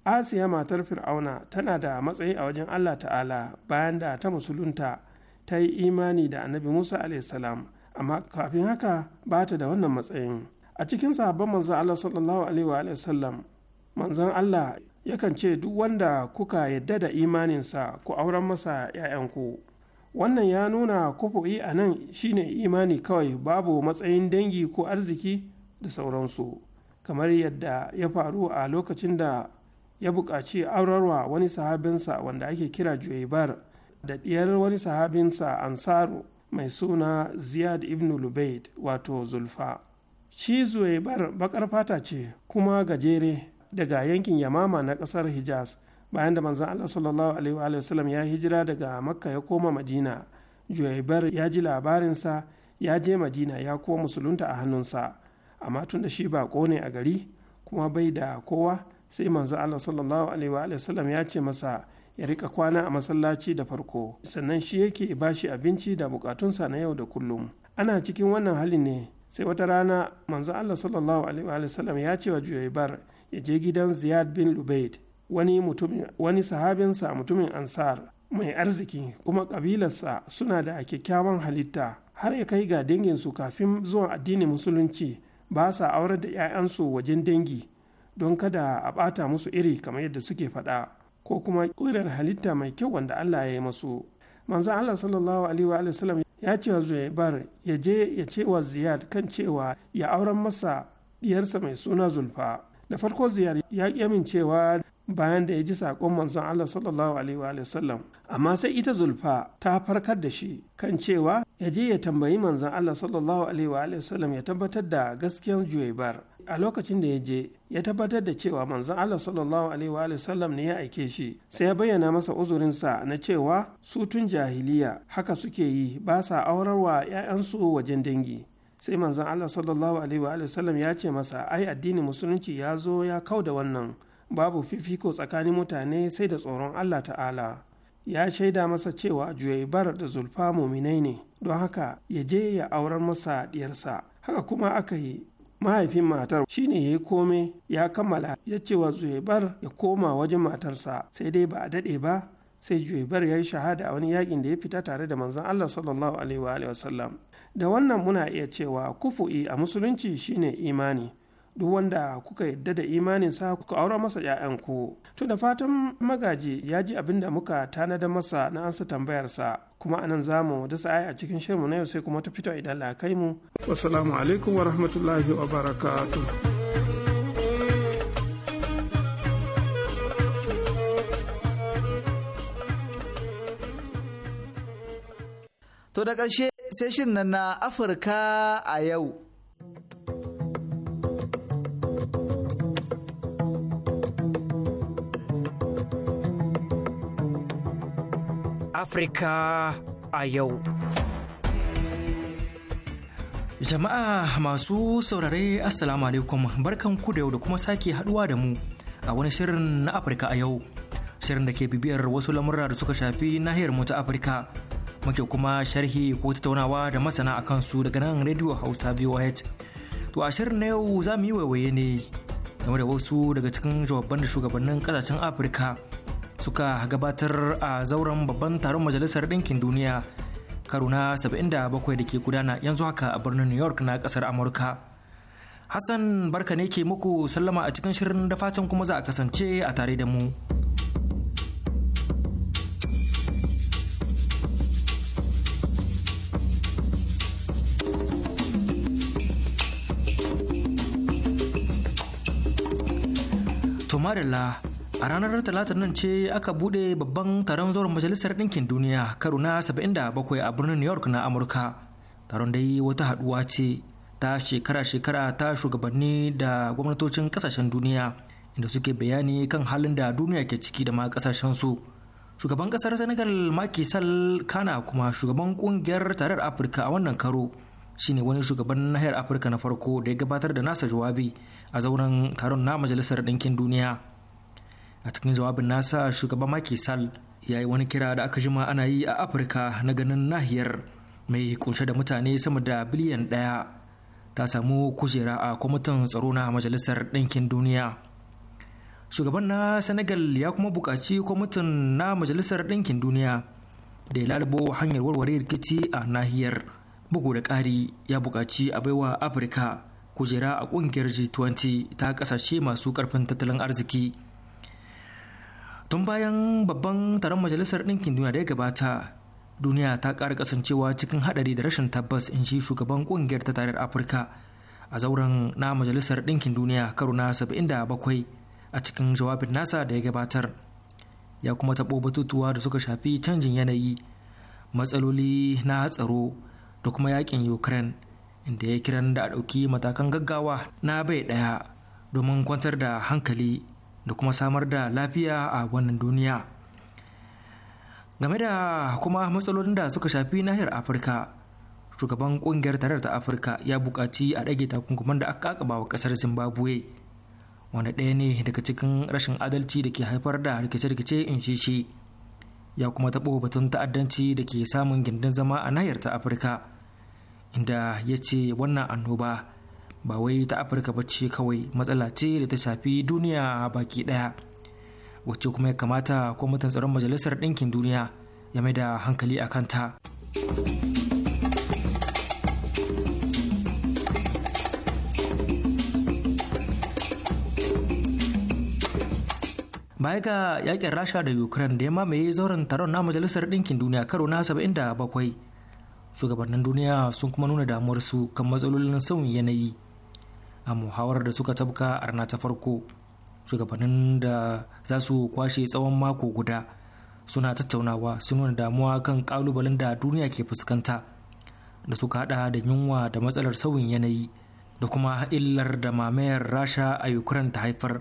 asiya matar fir'auna tana da matsayi a wajen allah ta'ala bayan da ta musulunta ta yi imani da annabi musa salam, amma kafin haka ba ta da wannan matsayin a cikin sabon manzan allah sallallahu alaihi wa sallam manzan allah yakan ce duk wanda kuka yadda da imaninsa ku auren masa 'ya'yanku wannan ya nuna kufu'i a nan shine imani kawai babu matsayin dangi ko arziki da sauransu kamar yadda ya faru a lokacin da ya buƙaci aurarwa wani sahabinsa wanda ake kira juwaibar da ɗiyar wani sahabinsa ansaru mai suna ziyad ibn lubaid wato zulfa shi zuwaibar baƙar fata ce kuma gajere daga yankin yamama na ƙasar hijaz bayan da manzon Allah sallallahu alaihi wa sallam ya hijira daga makka ya koma madina juwaibar ya ji labarinsa ya je madina ya kuwa musulunta a hannunsa amma tun da shi ba ne a gari kuma bai da kowa sai manzan Allah sallallahu alaihi wa sallam ya ce masa ya rika kwana a masallaci da farko sannan shi yake ba shi abinci da bukatunsa na yau da kullum ana cikin wannan halin ne sai wata rana manzan Allah sallallahu alaihi wa sallam ya ce wa Juwaibar ya je gidan Ziyad bin Lubaid wani mutumin wani sahabinsa mutumin ansar mai arziki kuma kabilarsa suna da kyakkyawan halitta har ya kai ga danginsu kafin zuwan addinin musulunci ba sa aurar da 'ya'yansu wajen dangi don kada a ɓata musu iri kamar yadda suke faɗa ko kuma ƙirar halitta mai kyau wanda Allah ya yi masu manzan Allah sallallahu alaihi wa sallam ya ce wa Zubair ya je ya ce wa Ziyad kan cewa ya auren masa diyarsa mai suna Zulfa da farko ziyar ya ƙi amincewa bayan da ya ji saƙon manzon Allah sallallahu alaihi wa sallam amma sai ita zulfa ta farkar da shi kan cewa ya je ya tambayi manzon Allah sallallahu alaihi wa sallam ya tabbatar da gaskiyar juwaibar a lokacin da ya je ya tabbatar da cewa manzon Allah sallallahu alaihi wa sallam ne ya aike shi sai ya bayyana masa uzurinsa na cewa su tun jahiliya haka suke yi ba sa aurarwa 'ya'yansu wajen dangi sai manzon Allah sallallahu alaihi wa sallam ya ce masa ai addinin musulunci ya zo ya kau da wannan babu fifiko tsakanin mutane sai da tsoron Allah ta'ala ya shaida masa cewa juyabar da zulfa muminai ne don haka ya je ya auren masa diyarsa haka kuma aka yi mahaifin matar shine ya yi kome ya kammala ya ce wa zuwaibar ya koma wajen matarsa sai dai ba a daɗe ba sai zuwaibar ya yi shahada a wani yakin da ya fita tare da manzon Allah sallallahu alaihi wa sallam da wannan muna iya cewa kufu'i a musulunci shine imani duk wanda kuka yadda da imaninsa kuka aura masa ‘ya'yanku. To da fatan magaji ya ji abin da muka tanada masa na ansa tambayarsa kuma anan zamu mu dasa aya a cikin shirinmu na yau sai kuma ta fito idan la kai mu. Wassalamu alaikum wa rahmatullahi wa barakatuh. To da ƙarshe sai shirin na Afirka a yau. Afirka a yau. Jama'a masu saurare Assalamu alaikum ku da yau da kuma sake haduwa da mu a wani shirin na Afirka a yau. Shirin da ke bibiyar wasu lamurra da suka shafi nahiyar mu ta Afirka. Muke kuma sharhi ko tattaunawa da masana a kansu daga nan Radio Hausa VOH. To a shirin na yau za mu yi waiwaye ne game da wasu daga cikin jawaban da shugabannin kasashen Afirka suka gabatar a zauren babban taron majalisar ɗinkin duniya karo na 77 da ke gudana yanzu haka a birnin new york na ƙasar amurka hassan barka ne ke muku sallama a cikin shirin da fatan kuma za a kasance a tare da mu to marilla a ranar talatar nan ce aka bude babban taron zauren majalisar ɗinkin duniya karo na 77 a birnin new york na amurka taron dai wata haɗuwa ce ta shekara-shekara ta shugabanni da gwamnatocin kasashen duniya inda suke bayani kan halin da duniya ke ciki da ma kasashen su shugaban kasar senegal Macky Sall kana kuma shugaban kungiyar tarar afirka a wannan karo shine wani shugaban nahiyar afirka na farko da ya gabatar da nasa jawabi a zauren taron na majalisar ɗinkin duniya a cikin jawabin nasa shugaban Macky Sall ya yi wani kira da aka jima ana yi a Afirka na ganin nahiyar mai kunshe da mutane sama da biliyan ɗaya ta samu kujera a kwamitin tsaro na Majalisar Ɗinkin Duniya. Shugaban na Senegal ya kuma buƙaci kwamitin na Majalisar Ɗinkin Duniya da ya lalubo hanyar warware rikici a nahiyar. Bugu da ƙari ya buƙaci a baiwa Afirka kujera a ƙungiyar G20 ta ƙasashe masu ƙarfin tattalin arziki. tun bayan babban taron majalisar ɗinkin duniya da ya gabata duniya ta ƙara kasancewa cikin haɗari da rashin tabbas in shi shugaban ƙungiyar ta tarar afirka a zauren na majalisar ɗinkin duniya karo na bakwai a cikin jawabin nasa da ya gabatar ya kuma taɓo batutuwa da suka shafi canjin yanayi matsaloli na tsaro da kuma yakin ukraine inda ya kiran da a ɗauki matakan gaggawa na bai ɗaya domin kwantar da hankali da kuma samar da lafiya a wannan duniya game da kuma matsalolin da suka shafi nahiyar afirka shugaban kungiyar tarar ta afirka ya bukaci a ɗage takunkuman da aka kakaba wa ƙasar zimbabwe wanda ɗaya ne daga cikin rashin adalci da ke haifar da rikice-rikice in shi shi ya kuma taɓo batun ta'addanci da ke samun gindin zama a nahiyar ta afirka inda ya ce wannan annoba ba wai ta afirka ba ce kawai matsala ce da ta shafi duniya baki daya wacce kuma ya kamata kwamitin tsaron majalisar ɗinkin duniya ya mai da hankali a kanta baya ga yakin rasha da ukraine da ya mamaye zauren taron na majalisar ɗinkin duniya karo na 77 shugabannin duniya sun kuma nuna damuwarsu kan matsalolin sauyin yanayi a muhawar da suka tabka a rana ta farko shugabannin da za su kwashe tsawon mako guda suna tattaunawa sun nuna damuwa kan kalubalen da duniya ke fuskanta da suka hada da yunwa da matsalar sauyin yanayi da kuma illar da mamayar rasha a ukraine ta haifar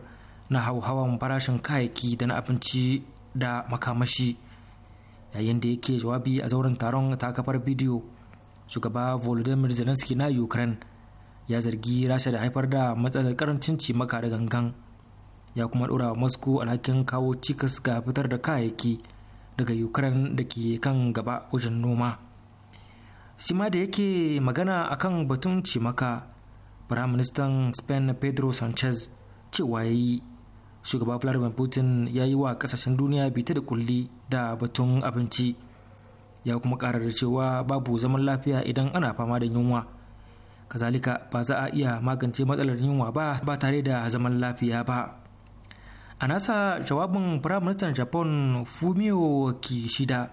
na hauhawan farashin kayayyaki da na abinci da makamashi yayin da yake jawabi a zauren taron ta kafar bidiyo shugaba volodymyr zelensky na ukraine ya zargi rasha da haifar da matsalar karancin cimaka da gangan ya kuma dora moscow alhakin kawo cikas ga fitar da kayayyaki daga ukraine da ke kan gaba wajen noma shi ma da yake magana akan batun cimaka firaministan spain pedro sanchez cewa ya yi shugaba vladimir putin ya yi wa kasashen duniya bita da kulli da batun abinci ya kuma karar da cewa babu zaman lafiya idan ana fama da yunwa kazalika ba za a iya magance matsalar yunwa ba ba tare da zaman lafiya ba a nasa jawabin firaministan japan fumio kishida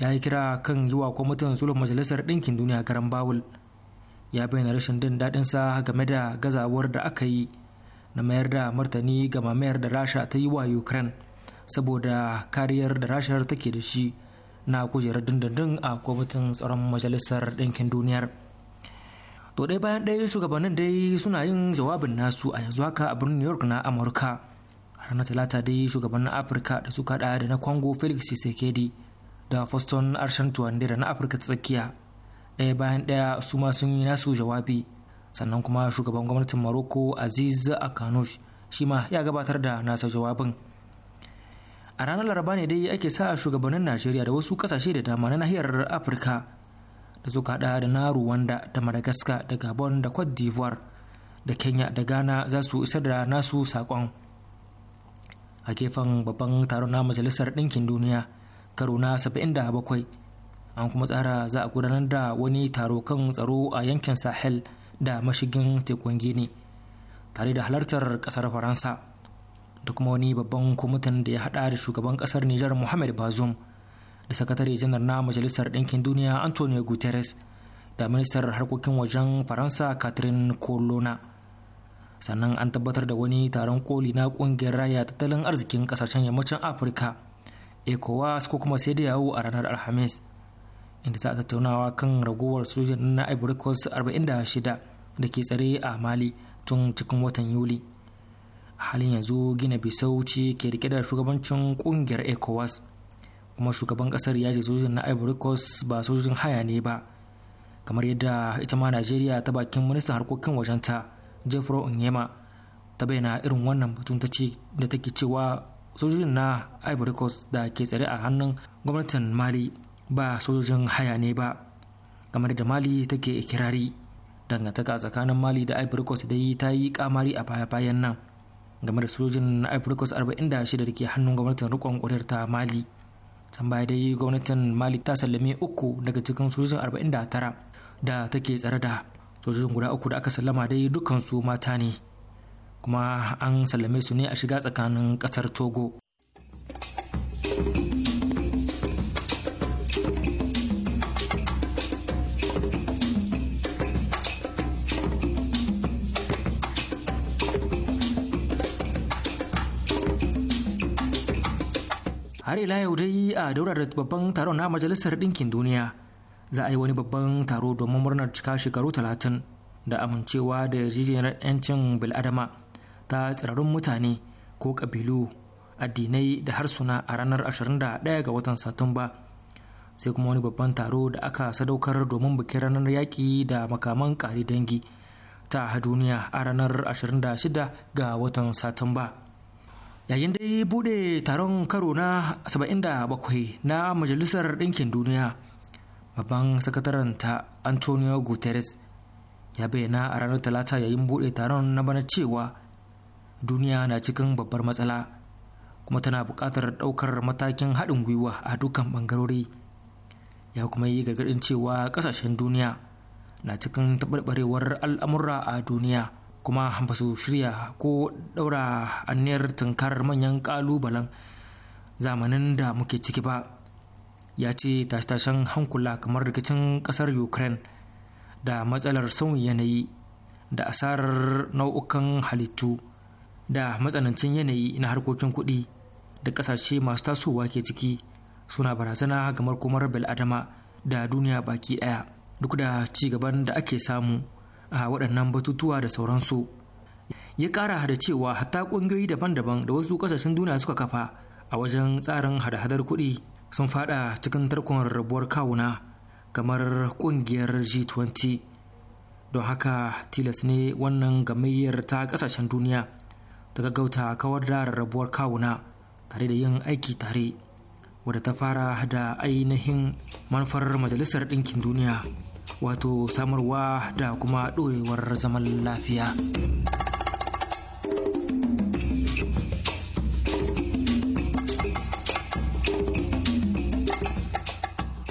ya yi kira kan yi wa kwamitin sulhun majalisar ɗinkin duniya garan bawul ya bayyana rashin jin daɗinsa game da gazawar da aka yi na mayar da martani ga mamayar da rasha ta yi wa ukraine saboda kariyar da rashar take da shi na kujerar dindindin a kwamitin tsaron majalisar ɗinkin duniyar to ɗaya bayan ɗaya shugabannin dai suna yin jawabin nasu a yanzu haka a birnin new york na amurka ranar talata dai shugabannin afirka da suka da da na congo felix sekedi da foston arshen da na afirka tsakiya ɗaya bayan ɗaya su ma sun yi nasu jawabi sannan kuma shugaban gwamnatin morocco aziz akanush shi ma ya gabatar da nasa jawabin a ranar laraba ne dai ake sa shugabannin najeriya da wasu kasashe da dama na nahiyar afirka da suka hada da na Rwanda da Madagascar da Gabon da Cote d'Ivoire da Kenya da Ghana za su isar da nasu sakon. A gefen babban taron na Majalisar Ɗinkin Duniya karo na 77 an kuma tsara za a gudanar da wani taro kan tsaro a yankin Sahel da mashigin tekun Gini tare da halartar ƙasar Faransa da kuma wani babban kwamitin da ya hada da shugaban ƙasar Nijar Muhammad Bazoum. da sakatare janar na majalisar ɗinkin duniya antonio guterres da ministar harkokin wajen faransa catherine colonna sannan an tabbatar da wani taron koli na kungiyar raya tattalin arzikin kasashen yammacin afirka ecowas ko kuma sai da yawo a ranar alhamis inda za a tattaunawa kan ragowar sojan na ivory coast 46 da ke tsare a mali tun cikin watan yuli halin yanzu gina bisau ke rike da shugabancin kungiyar ecowas kuma shugaban kasar ya ce sojojin na ivory coast ba sojojin haya ne ba kamar yadda ita ma najeriya ta bakin ministan harkokin wajen wajenta jeffro onyema ta bayyana irin wannan batun ta ce da take cewa sojojin na ivory coast da ke tsare a hannun gwamnatin mali ba sojojin haya ne ba kamar da mali take ikirari dangantaka tsakanin mali da ivory coast da ta yi kamari a baya-bayan nan game da sojojin na ivory coast 46 da ke hannun gwamnatin rikon ƙuryar ta mali can baya dai gwamnatin mali ta sallame uku daga cikin sojojin 49 da take tsare da sojojin guda uku da aka sallama dai dukansu mata ne kuma an sallame su ne a shiga tsakanin kasar togo har ila yau dai a daura da babban taron na majalisar ɗinkin duniya za a yi wani babban taro domin murnar cika shekaru talatin da amincewa da yarjejeniyar 'yancin bil'adama ta tsirarun mutane ko ƙabilu addinai da harsuna a ranar 21 ga watan satumba sai kuma wani babban taro da aka sadaukar domin bikin ranar yaƙi da makaman ƙari dangi ta duniya a ranar 26 ga watan satumba yayin dai bude taron karo na 77 na majalisar ɗinkin duniya babban sakataren ta antonio guterres ya bayyana a ranar talata yayin bude taron na bana cewa duniya na cikin babbar matsala kuma tana buƙatar ɗaukar matakin haɗin gwiwa a dukkan ɓangarori ya kuma yi gargaɗin cewa ƙasashen duniya na cikin taɓarɓarewar al'amura a duniya kuma ba su shirya ko daura anniyar tunkar manyan ƙalubalen zamanin da muke ciki ba ya ce tashe-tashen hankula kamar rikicin ƙasar ukraine da matsalar sauyin yanayi da asarar nau'ukan halittu da matsanancin yanayi na harkokin kuɗi da ƙasashe masu tasowa ke ciki suna barazana kamar komar bil'adama da duniya baki ɗaya duk da ci gaban da ake samu a waɗannan batutuwa da sauransu ya ƙara hada cewa hatta ƙungiyoyi daban-daban da wasu ƙasashen duniya suka kafa a wajen tsarin hada-hadar kuɗi sun faɗa cikin tarkon rabuwar kawuna kamar ƙungiyar g20 don haka tilas ne wannan gamayyar ta ƙasashen duniya ta gaggauta kawar da rarrabuwar kawuna tare da yin aiki tare wadda ta fara da ainihin manufar majalisar ɗinkin duniya wato samarwa da kuma ɗorewar zaman lafiya.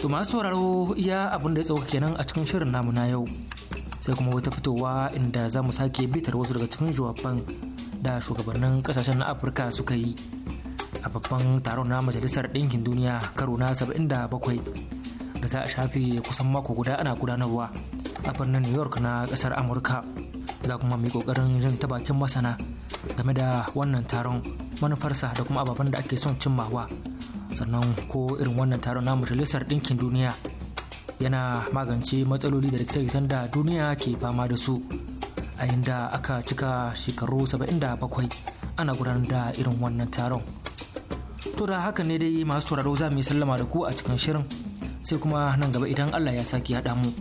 To masu sauraro iya abin da ya tsawo kenan a cikin shirin namu na yau sai kuma wata fitowa inda za mu sake bitar wasu daga cikin jawaban da shugabannin kasashen na Afirka suka yi a babban taron na Majalisar Ɗinkin Duniya karo na 77 da za a shafe kusan mako guda ana gudanarwa a birnin new york na kasar amurka za kuma mai kokarin jin ta bakin masana game da wannan taron manufarsa da kuma ababen da ake son cimmawa sannan ko irin wannan taron na majalisar ɗinkin duniya yana magance matsaloli da rikice-rikicen da duniya ke fama da su a inda aka cika shekaru 77 ana gudanar da irin wannan taron to da haka ne dai masu sauraro za mu yi sallama da ku a cikin shirin sai kuma nan gaba idan Allah ya sake haɗa mu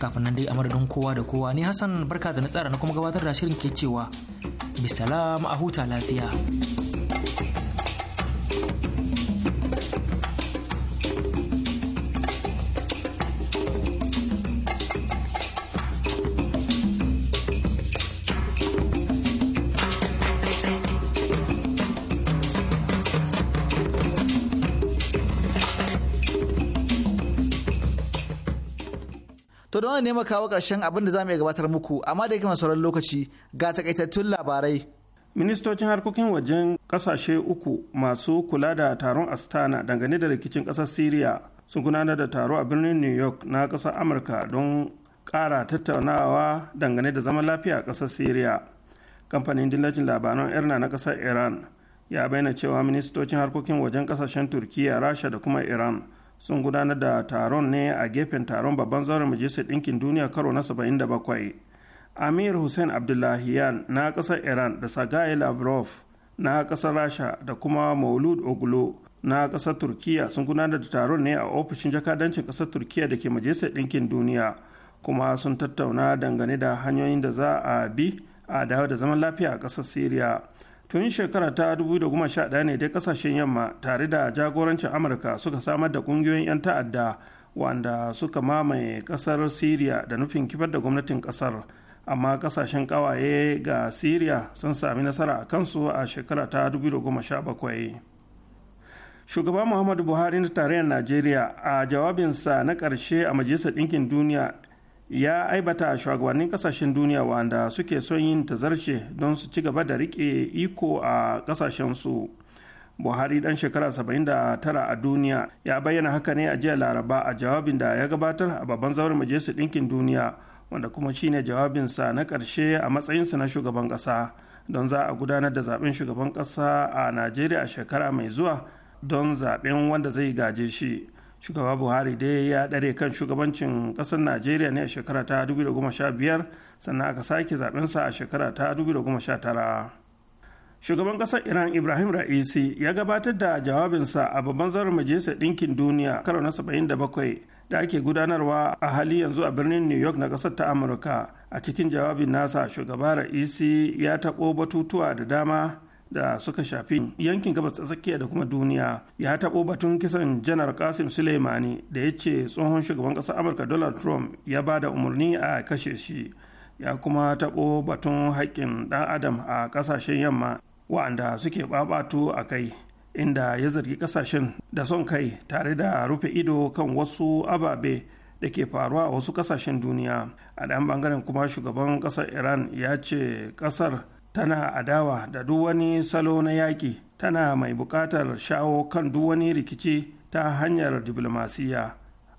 kafin nan dai a madadin kowa da kowa ni Hassan barka da na tsara na kuma gabatar da shirin ke cewa bisalama a huta lafiya. dole ne kawo karshen abin da za mu iya gabatar muku amma da kuma sauran lokaci ga takaitattun labarai. Ministocin harkokin wajen ƙasashe uku masu kula da taron Astana dangane da rikicin ƙasar Siriya sun gudanar da taro a birnin New York na ƙasar Amurka don ƙara tattaunawa dangane da zaman lafiya a ƙasar Siriya. Kamfanin dillacin labaran Irna na ƙasar Iran ya bayyana cewa ministocin harkokin wajen ƙasashen Turkiyya, Rasha da kuma Iran sun gudanar da taron ne a gefen taron babban zauren majalisar ɗinkin duniya karo na 77 amir hussein abdullahiyan na ƙasar iran da sagai lavrov na ƙasar rasha da kuma maulud oglo na ƙasar turkiya sun gudanar da taron ne a ofishin jakadancin ƙasar turkiya da ke majalisar ɗinkin duniya kuma sun tattauna dangane da hanyoyin da za a bi a dawo da zaman lafiya a ƙasar syria tun shekara ta 2011 ne dai kasashen yamma tare da jagorancin amurka suka samar da kungiyoyin 'yan ta'adda wanda suka mamaye kasar syria da nufin kifar da gwamnatin kasar amma kasashen kawaye ga syria sun sami nasara a kansu a shekara ta 2017 shugaba muhammadu buhari na tarayyar najeriya a jawabinsa na karshe a majalisar ɗinkin duniya ya aibata shugabannin kasashen duniya wanda suke son yin tazarce don su ci gaba da rike iko a kasashensu buhari dan shekara 79 a duniya ya bayyana haka ne a jiya laraba a jawabin da ya gabatar a babban zauren majalisar ɗinkin duniya wanda kuma shine jawabinsa na ƙarshe a matsayinsa na shugaban ƙasa don za a gudanar da zaben shugaban ƙasa a najeriya a shekara mai zuwa don zaben wanda zai gaje shi shugaba buhari dai ya ɗare kan shugabancin ƙasar najeriya ne a shekara ta 2015 sannan aka sake zaɓensa a shekara ta 2019 shugaban ƙasar iran ibrahim ra'isi ya gabatar da jawabinsa a babban zarar majalisar ɗinkin duniya karo na 77 da ake gudanarwa a hali yanzu a birnin new york na ƙasar ta amurka a cikin jawabin nasa shugaba ra'isi ya taɓo batutuwa da dama da suka shafi yankin gabas ta tsakiya da kuma duniya ya taɓo batun kisan janar kasim suleimani da ya ce tsohon shugaban ƙasar amurka donald trump ya ba da umarni a kashe shi ya kuma taɓo batun haƙƙin ɗan adam a ƙasashen yamma wa'anda suke ɓaɓatu a kai inda ya zargi ƙasashen da son kai tare da rufe ido kan wasu ababe da ke faruwa a wasu ƙasashen duniya a ɗan ɓangaren kuma shugaban ƙasar iran ya ce ƙasar tana adawa da duk wani salo na yaƙi tana mai buƙatar shawo kan duk wani rikici ta hanyar diflomasiyya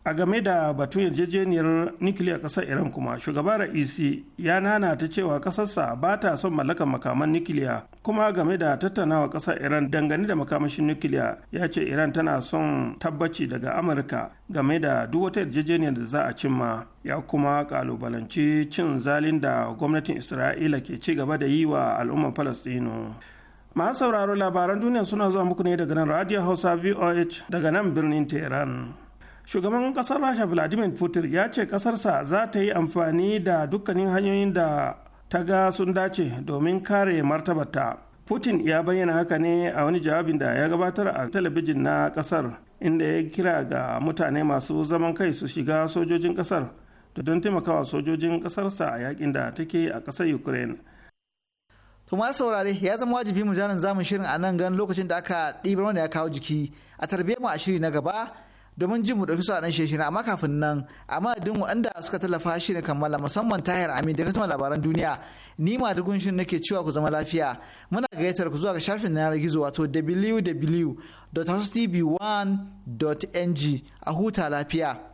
a game da batun yarjejeniyar nukiliya ƙasar iran kuma shugaba ra'isi ya nana ta cewa ƙasarsa ba ta son mallakar makaman nukiliya kuma game da tattaunawa ƙasar iran dangane da makamashin nukiliya ya ce iran tana son tabbaci daga amurka game da duk wata yarjejeniyar da za a cimma ya kuma kalubalanci cin zalin da gwamnatin isra'ila ke ci gaba da yi wa al'ummar falastinu masu sauraro labaran duniya suna zuwa muku ne daga nan radio hausa voh daga nan birnin tehran shugaban kasar rasha vladimir putin ya ce kasarsa za ta yi amfani da dukkanin hanyoyin da ta ga sun dace domin kare martabarta putin ya bayyana haka ne a wani jawabin da ya gabatar a talabijin na kasar inda ya kira ga mutane masu zaman kai su shiga sojojin kasar da don taimakawa sojojin kasarsa a yakin da take a kasar ukraine To ma saurare ya zama wajibi mu jarin zamun shirin a nan gan lokacin da aka ɗibar wanda ya kawo jiki a tarbiyyar mu a shiri na gaba domin ji mu ɗauki su a ɗan na amma kafin nan amma madadin waɗanda suka tallafa shi ne kammala musamman tahir amin da kuma labaran duniya ni ma dugun na nake cewa ku zama lafiya muna gayyatar ku zuwa ga shafin na yanar gizo wato www.hostv1.ng a huta lafiya.